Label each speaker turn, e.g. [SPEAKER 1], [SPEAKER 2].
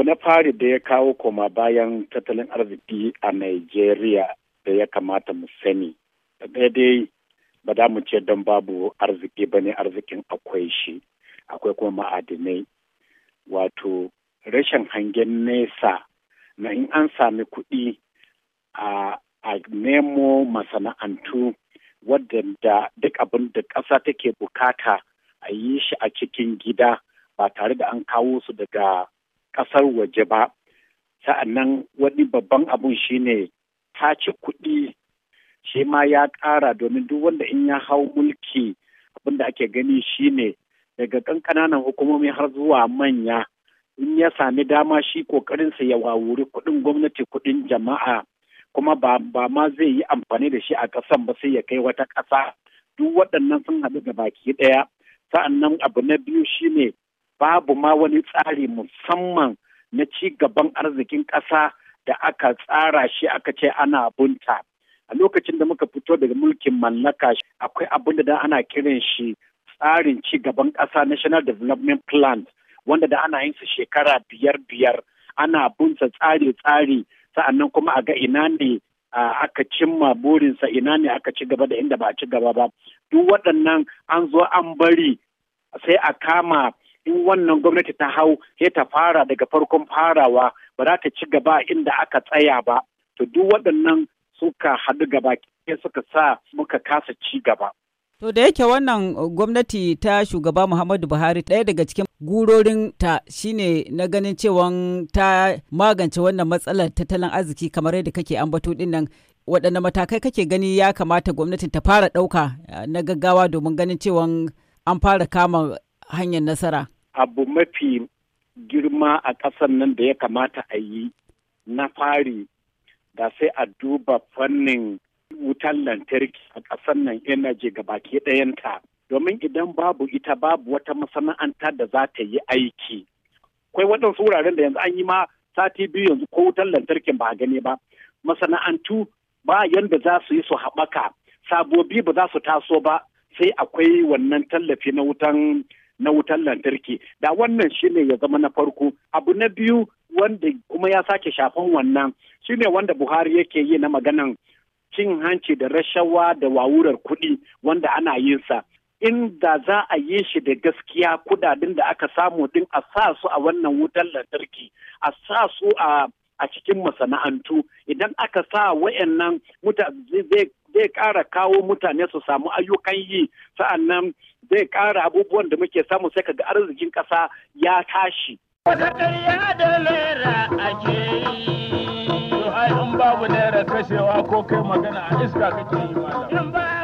[SPEAKER 1] abu na fari da ya kawo koma bayan tattalin arziki a Najeriya da ya kamata mu sani. dai ba da mu ce don babu arziki ba ne arzikin akwai shi, akwai kuma ma'adinai. Wato, rashin hangen nesa na in an sami kuɗi a nemo masana'antu wadda duk abin da ƙasa take bukata a yi shi a cikin gida ba tare da an kawo su daga kasar waje ba sa'annan wani babban abun shine ta ci kuɗi shi ma ya ƙara domin duk wanda in ya hau mulki abin da ake gani shine daga kan ƙananan hukumomi har zuwa manya in ya sami dama shi ƙoƙarinsa ya wawuri kuɗin gwamnati kuɗin jama'a kuma ba ma zai yi amfani da shi a ƙasan ba sai ya kai wata ƙasa duk waɗannan sun haɗu da baki ɗaya sa'annan abu na biyu shine babu ma wani tsari musamman na ci gaban arzikin ƙasa da aka tsara shi aka ce ana bunta a lokacin da muka fito daga mulkin mallaka akwai abin da ana kiran shi tsarin ci gaban ƙasa national development plan wanda da ana yin su shekara biyar biyar ana bunta tsari tsari sa'annan kuma a ga ina ne aka cimma burinsa ina ne aka ci gaba da inda ba a ci gaba ba duk waɗannan an zo an bari sai a kama in wannan gwamnati ta hau sai ta fara daga farkon farawa ba za ta ci gaba inda aka tsaya ba to duk waɗannan suka haɗu gaba ke suka sa muka kasa ci gaba
[SPEAKER 2] To da yake wannan uh, gwamnati ta shugaba Muhammadu Buhari ɗaya daga cikin gurorin ta shine na ganin cewa ta magance wannan matsalar tattalin arziki kamar yadda kake ambato din nan waɗanne matakai kake gani ya kamata gwamnatin ta fara ɗauka uh, na gaggawa domin ganin cewa an fara kama hanyar nasara?
[SPEAKER 1] Abu mafi girma a ƙasar nan da ya kamata a yi na fari da sai a duba fannin wutan lantarki a ƙasar nan energy baki ɗayanta. Domin idan babu ita babu wata masana'anta da za ta yi aiki. Kwai waɗansu wuraren da yanzu an yi ma sati biyu yanzu ko wutar lantarkin ba a gani ba. Masana'antu ba yanda za su yi su haɓaka sabobi ba za su taso ba sai akwai wannan tallafi na wutan na wutar lantarki da wannan shine ya zama na farko abu na biyu wanda kuma ya sake shafan wannan shine wanda buhari yake yi na maganan cin hanci da rashawa da wawurar kuɗi wanda ana yin sa inda za a yi shi da gaskiya kudaden da aka samu din a sa su a wannan wutar lantarki a sa su a a cikin masana'antu idan aka sa wa'annan zai zai ƙara kawo mutane su samu ayyukan yi sa'annan zai ƙara abubuwan da muke samu sai ga arzikin ƙasa ya tashi. Wata ƙarya da lera ake yi, ai in babu lera kashewa ko kai magana a iska kake yi malam.